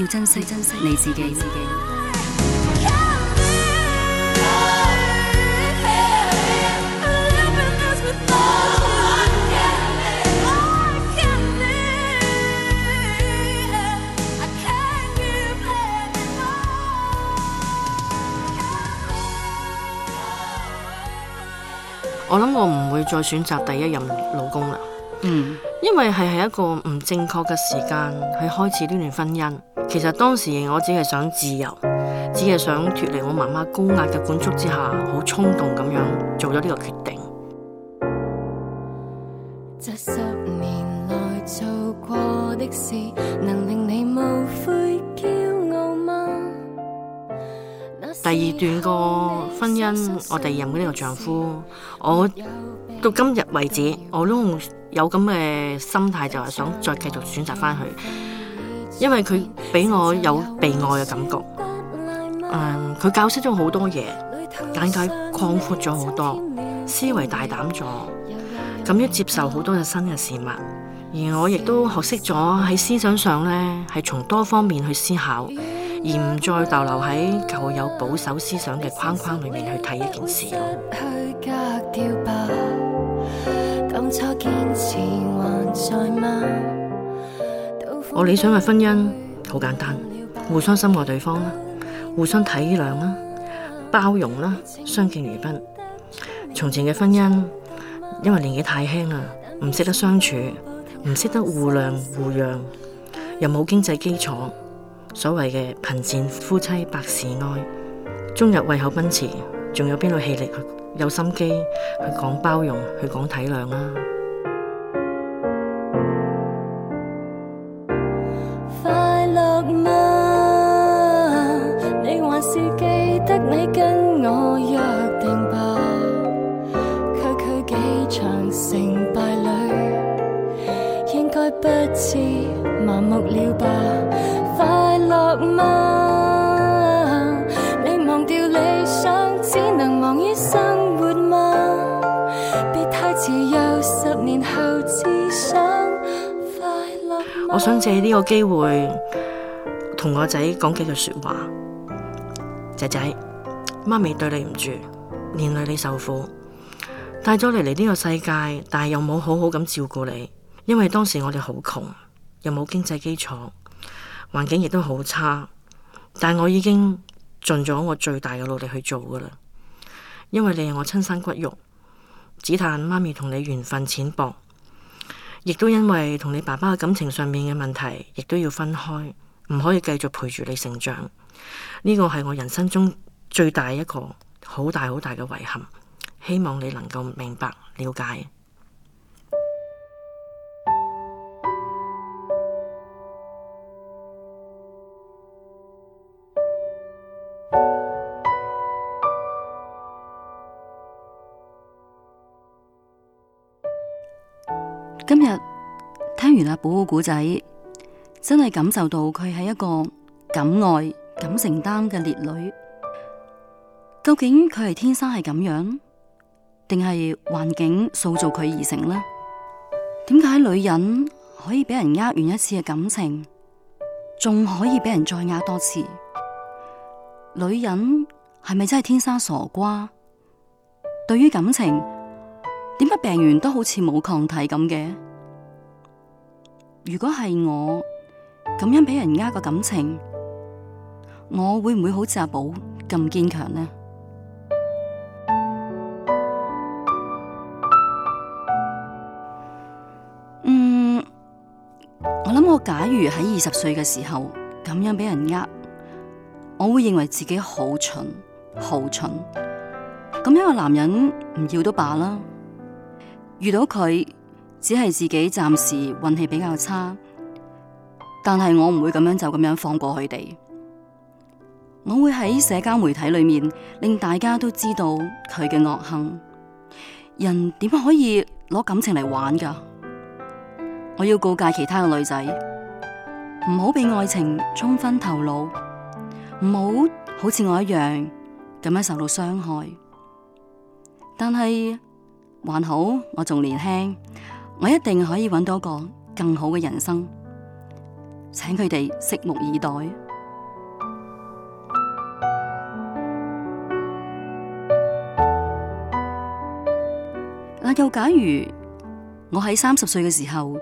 要珍惜要珍惜你自己。我諗我唔會再選擇第一任老公啦。嗯，因為係係一個唔正確嘅時間去開始呢段婚姻。其實當時我只係想自由，只係想脫離我媽媽高壓嘅管束之下，好衝動咁樣做咗呢個決定。這十年來做過的事，能令你無悔驕傲嗎？第二段個婚姻，我第二任嘅呢個丈夫，我到今日為止，我都有咁嘅心態，就係想再繼續選擇翻去。因為佢俾我有被愛嘅感覺，佢、嗯、教識咗好多嘢，眼界擴闊咗好多，思維大膽咗，咁要接受好多嘅新嘅事物，而我亦都學識咗喺思想上咧係從多方面去思考，而唔再逗留喺舊有保守思想嘅框框裏面去睇一件事咯。 嗯我理想嘅婚姻好簡單，互相深愛對方，互相體諒，包容，相敬如賓。從前嘅婚姻因為年紀太輕啊，唔識得相處，唔識得互諒互讓，又冇經濟基礎，所謂嘅貧賤夫妻百事哀，終日為口奔馳，仲有邊度氣力去有心機去講包容，去講體諒？麻木了吧？快樂嗎？你忘掉理想，只能忙於生活嗎？別太遲，又十年後至想快樂。我想借呢個機會同我仔講幾句說話。仔仔，媽咪對你唔住，連累你受苦，帶咗你嚟呢個世界，但係又冇好好咁照顧你。因為當時我哋好窮，又冇經濟基礎，環境亦都好差，但我已經盡咗我最大嘅努力去做㗎喇。因為你係我親生骨肉，只嘆媽咪同你緣份淺薄，亦都因為同你爸爸嘅感情上面嘅問題，亦都要分開，唔可以繼續陪住你成長。呢個係我人生中最大一個好大好大嘅遺憾，希望你能夠明白了解。原來，保護古仔，真係感受到佢係一個敢愛敢承擔嘅烈女。究竟佢係天生係咁樣，定係環境塑造佢而成呢？點解女人可以俾人呃完一次嘅感情，仲可以俾人再呃多次？女人係咪真係天生傻瓜？對於感情，點解病完都好似冇抗體咁嘅？如果係我咁樣俾人呃個感情，我會唔會好似阿寶咁堅強呢？嗯，我諗我假如喺二十歲嘅時候咁樣俾人呃，我會認為自己好蠢，好蠢。咁樣個男人唔要都罷啦，遇到佢。只係自己暫時運氣比較差，但係我唔會咁樣就咁樣放過佢哋。我會喺社交媒體裏面令大家都知道佢嘅惡行。人點可以攞感情嚟玩噶？我要告誡其他嘅女仔，唔好俾愛情沖昏頭腦，唔好好似我一樣咁樣受到傷害。但係還好，我仲年輕。我一定可以揾到個更好嘅人生，請佢哋拭目以待。嗱，又假如我喺三十歲嘅時候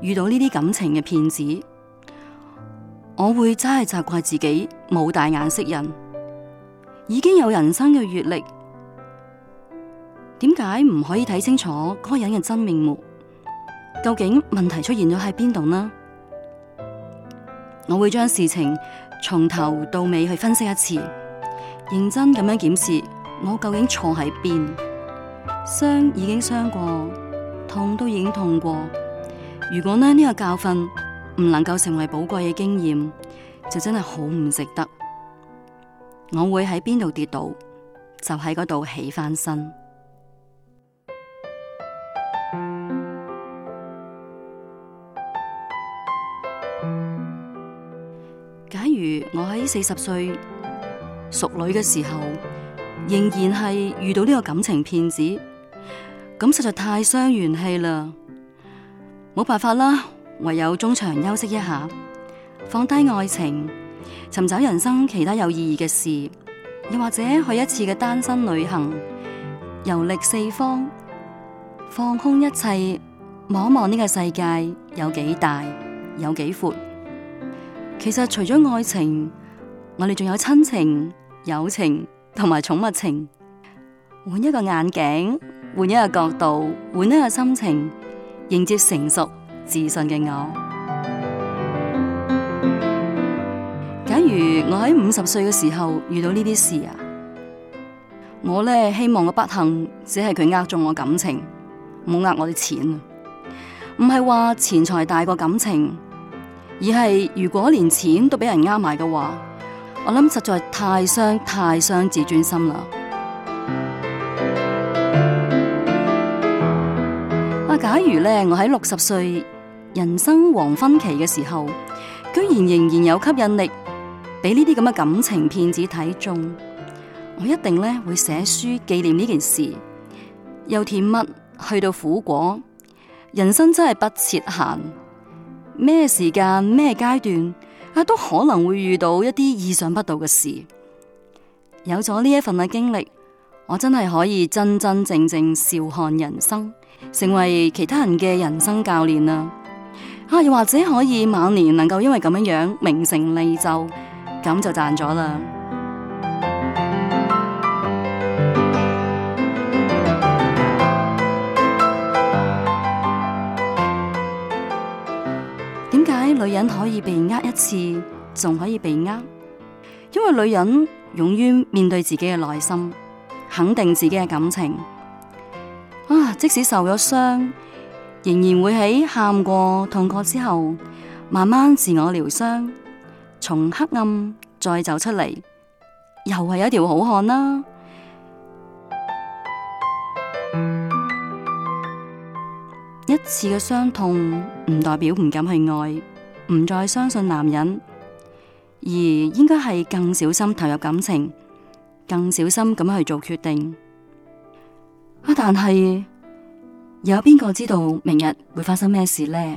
遇到呢啲感情嘅騙子，我會真係責怪自己冇大眼識人，已經有人生嘅閱歷，點解唔可以睇清楚嗰個人嘅真面目？究竟問題出現咗喺邊度呢？我會將事情從頭到尾去分析一次，認真咁樣檢視我究竟錯喺邊。傷已經傷過，痛都已經痛過。如果呢呢個教訓唔能夠成為寶貴嘅經驗，就真係好唔值得。我會喺邊度跌倒，就喺嗰度起翻身。我喺四十歲熟女嘅時候，仍然係遇到呢個感情騙子，咁實在太傷元氣啦！冇辦法啦，唯有中場休息一下，放低愛情，尋找人生其他有意義嘅事，又或者去一次嘅單身旅行，遊歷四方，放空一切，望望呢個世界有幾大，有幾闊。其實除咗愛情，我哋仲有親情、友情同埋寵物情。換一個眼鏡，換一個角度，換一個心情，迎接成熟自信嘅我。假如我喺五十歲嘅時候遇到呢啲事啊，我咧希望我不幸，只係佢呃中我感情，唔好呃我啲錢。唔係話錢財大過感情。而係如果連錢都俾人呃埋嘅話，我諗實在太傷、太傷自尊心啦！啊，假如咧我喺六十歲人生黃昏期嘅時候，居然仍然有吸引力，俾呢啲咁嘅感情騙子睇中，我一定咧會寫書紀念呢件事。又甜蜜，去到苦果，人生真係不設限。咩時間咩階段啊，都可能會遇到一啲意想不到嘅事。有咗呢一份嘅經歷，我真係可以真真正正笑看人生，成為其他人嘅人生教練啊，又或者可以晚年能夠因為咁樣樣名成利就，咁就賺咗啦。女人可以被呃一次，仲可以被呃，因為女人勇於面對自己嘅內心，肯定自己嘅感情啊！即使受咗傷，仍然會喺喊過痛過之後，慢慢自我療傷，從黑暗再走出嚟，又係一條好漢啦！一次嘅傷痛唔代表唔敢去愛。唔再相信男人，而應該係更小心投入感情，更小心咁去做決定。啊！但係有邊個知道明日會發生咩事呢？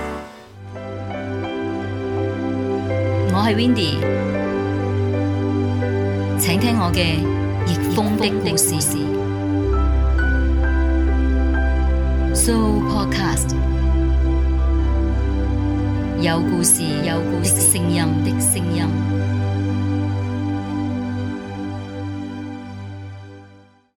我係 Windy，請聽我嘅逆風的故事。So podcast 有故事，有故事聲音的聲音。